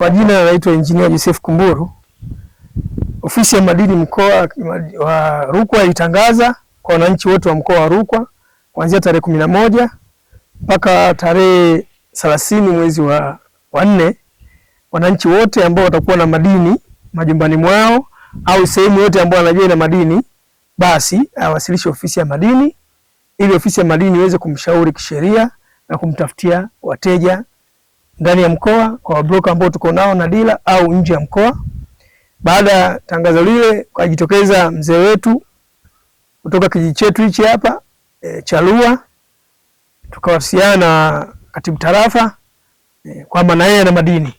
Kwa jina naitwa Injinia Joseph Kumburu. Ofisi ya Madini mkoa wa Rukwa ilitangaza kwa wananchi wote wa mkoa wa Rukwa kuanzia tarehe kumi na moja mpaka tarehe thelathini mwezi wa wanne, wananchi wote ambao watakuwa na madini majumbani mwao au sehemu yote ambayo anajua ina madini, basi awasilishe ofisi ya madini ili ofisi ya madini iweze kumshauri kisheria na kumtafutia wateja ndani ya mkoa kwa wabroka ambao tuko nao na dila au nje ya mkoa. Baada ya tangazo lile, kajitokeza mzee wetu kutoka kijiji chetu hichi hapa e, Chalua, tukawasiliana na katibu tarafa e, kwamba na yeye ana madini,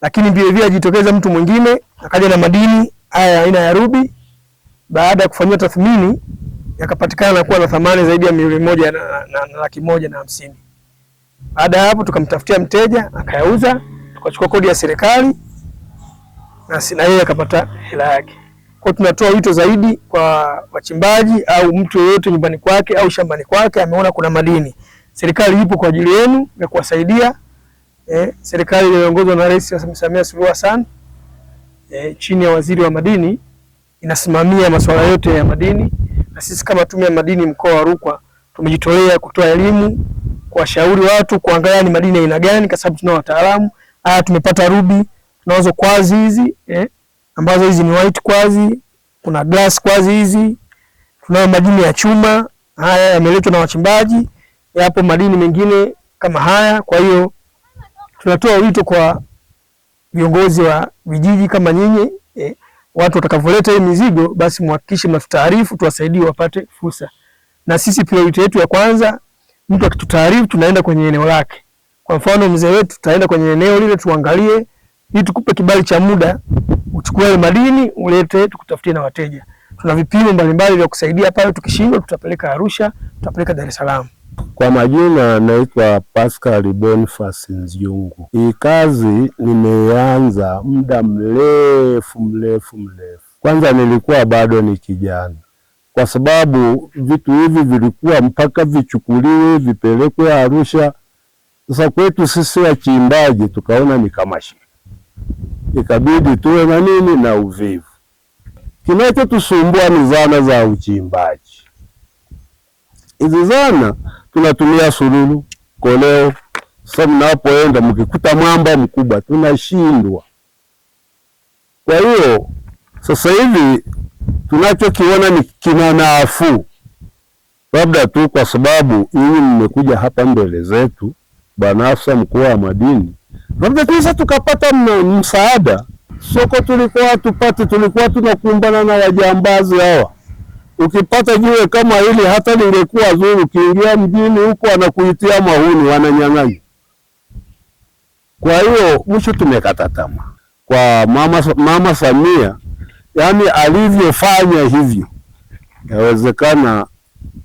lakini vile vile ajitokeza mtu mwingine akaja na madini haya aina ya rubi. Baada ya kufanyiwa tathmini, yakapatikana kuwa na thamani zaidi ya milioni moja na, na, na laki moja na hamsini. Baada ya hapo, tukamtafutia mteja akayauza, tukachukua kodi ya serikali na yeye akapata hela yake. Kwa tunatoa wito zaidi kwa wachimbaji au mtu yeyote nyumbani kwake au shambani kwake ameona kuna madini, serikali ipo kwa ajili yenu ya kuwasaidia. Eh, serikali inayoongozwa na Rais Samia Suluhu Hassan eh, chini ya waziri wa madini inasimamia masuala yote ya madini, na sisi kama tume ya madini mkoa wa Rukwa tumejitolea kutoa elimu kuwashauri watu kuangalia ni madini aina gani, kwa sababu tuna wataalamu. Haya, tumepata rubi, tunazo kwazi hizi eh, ambazo hizi ni white kwazi, kuna glass kwazi hizi, tunayo madini ya chuma. Haya yameletwa na wachimbaji, yapo madini mengine kama haya. Kwa hiyo tunatoa wito kwa viongozi wa vijiji kama nyinyi eh, watu watakavyoleta hii mizigo basi muhakikishe mnatutaarifu tuwasaidie wapate fursa. Na sisi priority yetu ya kwanza mtu akitutaarifu tunaenda kwenye eneo lake. Kwa mfano mzee wetu, tutaenda kwenye eneo lile tuangalie, ili tukupe kibali cha muda, uchukue madini ulete, tukutafutie na wateja. Tuna vipimo mbalimbali vya kusaidia pale, tukishindwa tutapeleka Arusha, tutapeleka Dar es Salaam. Kwa majina naitwa Pascal Boniface Nzungu. Hii kazi nimeanza muda mrefu mrefu mrefu. Kwanza nilikuwa bado ni kijana kwa sababu vitu hivi vilikuwa mpaka vichukuliwe vipelekwe Arusha. Sasa kwetu sisi wachimbaji tukaona ni kamasha, ikabidi tuwe na nini na uvivu. Kinachotusumbua ni zana za uchimbaji. Hizi zana tunatumia sululu, koleo. Sasa mnapoenda mkikuta mwamba mkubwa tunashindwa. Kwa hiyo sasa hivi tunachokiona ni kina nafuu, labda tu kwa sababu hii mmekuja hapa mbele zetu, banafsa mkoa wa Madini, labda tuweza tukapata msaada. Soko tulikuwa tupati, tulikuwa tunakumbana na wajambazi hawa. Ukipata jiwe kama hili hata lingekuwa zuri, ukiingia mjini huko anakuitia mahuni, wananyang'anya. Kwa hiyo mwisho tumekata tamaa kwa mama, mama Samia yaani alivyofanya hivyo, yawezekana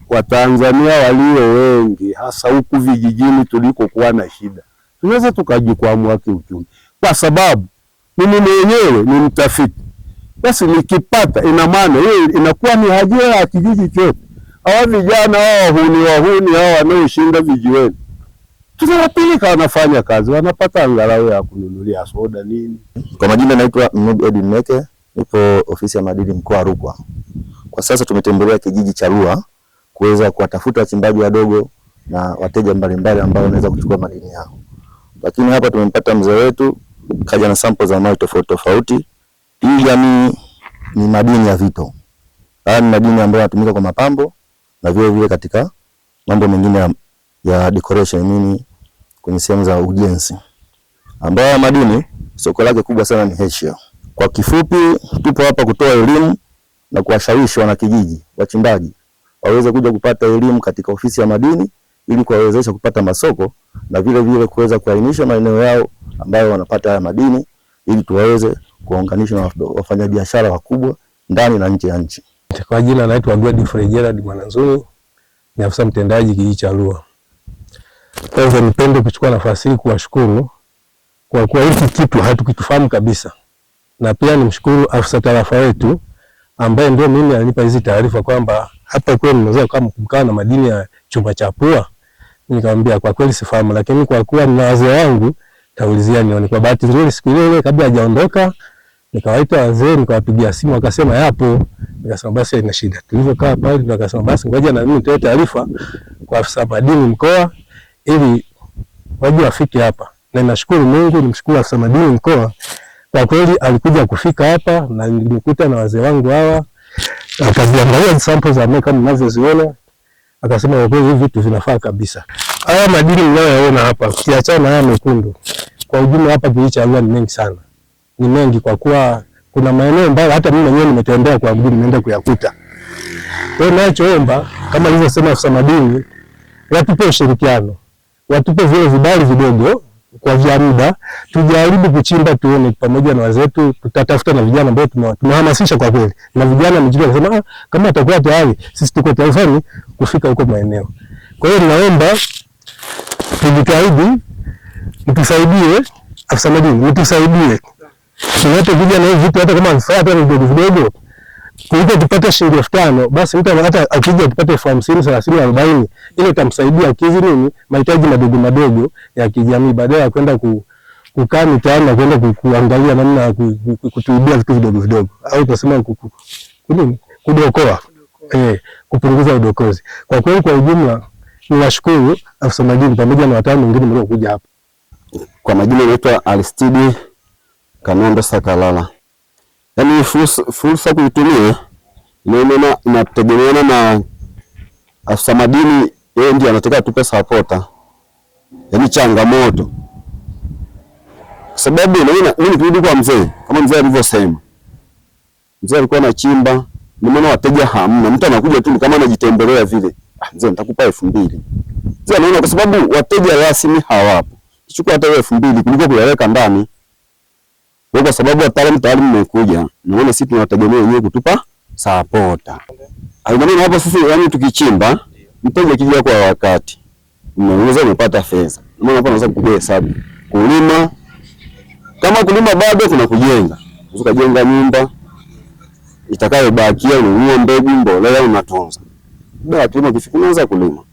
Watanzania walio wengi hasa huku vijijini tulikokuwa na shida tunaweza tukajikwamua kiuchumi, kwa sababu mimi mwenyewe ni mtafiti. Basi nikipata, ina maana hiyo inakuwa ni ajira ya kijiji chote. Hawa vijana hawa wahuni wahuni hawa wanaoshinda vijiweni, tunawapeleka wanafanya kazi, wanapata angalau ya kununulia soda nini. Kwa majina naitwa Edwin Meke Nipo ofisi ya madini mkoa wa Rukwa. Kwa sasa tumetembelea kijiji cha Rua kuweza kuwatafuta wachimbaji wadogo na wateja mbalimbali ambao wanaweza kuchukua madini yao. Lakini hapa tumempata mzee wetu kaja na sample za mawe tofauti tofauti. Hii jamii ni madini ya vito. yaani madini ambayo yanatumika kwa mapambo na vile vile katika mambo mengine ya, ya decoration nini kwenye sehemu za ujenzi. Ambayo madini soko lake kubwa sana ni Asia. Kwa kifupi, tupo hapa kutoa elimu na kuwashawishi wanakijiji wachimbaji waweze kuja kupata elimu katika ofisi ya madini ili kuwawezesha kupata masoko na vile vile kuweza kuainisha maeneo yao ambayo wanapata haya madini ili tuwaweze kuwaunganisha na wafanyabiashara wakubwa ndani na nje ya nchi. Kwa jina naitwa Godfrey Gerard Mwananzuni, ni afisa mtendaji kijiji cha Lua. Kwanza nipende kuchukua nafasi hii kuwashukuru kwa kuwa hiki kitu hatukifahamu kabisa na pia nimshukuru afisa tarafa wetu ambaye ndio mimi alinipa hizi taarifa kwamba hapa kweli mnaweza kama kukaa na madini ya chuma cha pua. Nikamwambia kwa kweli sifahamu, lakini kwa kuwa nina wazee wangu taulizia nione. Kwa bahati nzuri siku ile kabla hajaondoka nikawaita wazee, nikawapigia simu, wakasema yapo. Nikasema basi ina shida. Tulivyokaa pale ndo akasema basi ngoja na mimi nitoe taarifa kwa afisa madini mkoa ili waje wafike hapa, na nashukuru Mungu, nimshukuru afisa madini mkoa kwa kweli alikuja kufika hapa na nilikuta na wazee wangu hawa, akaziangalia sample za mimi kama mnavyoziona, akasema kwa kweli hivi vitu vinafaa kabisa. Haya madini mnayoona hapa, ukiachana na haya mekundu, kwa ujumla hapa kilichaliwa ni mengi sana, ni mengi kwa kuwa kuna maeneo ambayo hata mimi mwenyewe nimetembea kwa mguu nimeenda kuyakuta. Kwa hiyo ninachoomba kama nilivyosema, afisa madini watupe ushirikiano, watupe vile vibali vidogo kwa vyaruda, tujaribu kuchimba tuone, pamoja na wazetu, tutatafuta na vijana ambao tumehamasisha kwa kweli, na vijana mjini wanasema ah, kama atakuwa tayari, sisi tuko tayari kufika huko maeneo. Kwa hiyo naomba tujitahidi, mtusaidie, afisa madini mtusaidie, tunapokuja na hivi vitu, hata kama ni vidogo vidogo kuliko tupate shilingi elfu tano basi mtu hata akija tupate elfu hamsini thelathini arobaini ile itamsaidia akizi nini mahitaji madogo madogo ya kijamii, baadaye ya kwenda ku, kukaa mitaani na kwenda kuangalia namna ya kutuibia vitu vidogo vidogo au tunasema ku, kudokoa eh, kupunguza udokozi. Kwa kweli kwa ujumla niwashukuru afisa majini pamoja na watano wengine mliokuja hapa. Kwa majina naitwa Aristidi Kanondo Sakalala yani fursa, kuitumia kuitumia inategemeana na afisa madini, yeye ndiye anataka atupe sapota, yani changamoto, sababu mimi nikirudi kwa mzee, kama mzee alivyosema, mzee alikuwa anachimba, nimeona wateja hamna, mtu anakuja tu kama anajitembelea vile. Ah, mzee nitakupa elfu mbili mzee anaona, kwa sababu wateja rasmi hawapo, chukua hata elfu mbili kuliko kuyaweka ndani. Kwa kwa sababu wataalamu tayari mmekuja, naona sisi tunawategemea wenyewe kutupa sapota. Alingana hapo sisi, yaani tukichimba mteja kija kwa wakati. Unaweza kupata fedha. Maana hapa unaweza kupiga hesabu. Kulima kama kulima bado kuna kujenga. Unaweza kujenga nyumba itakayobakia, ununue mbegu, mbolea unatunza. Baada ya kulima kulima.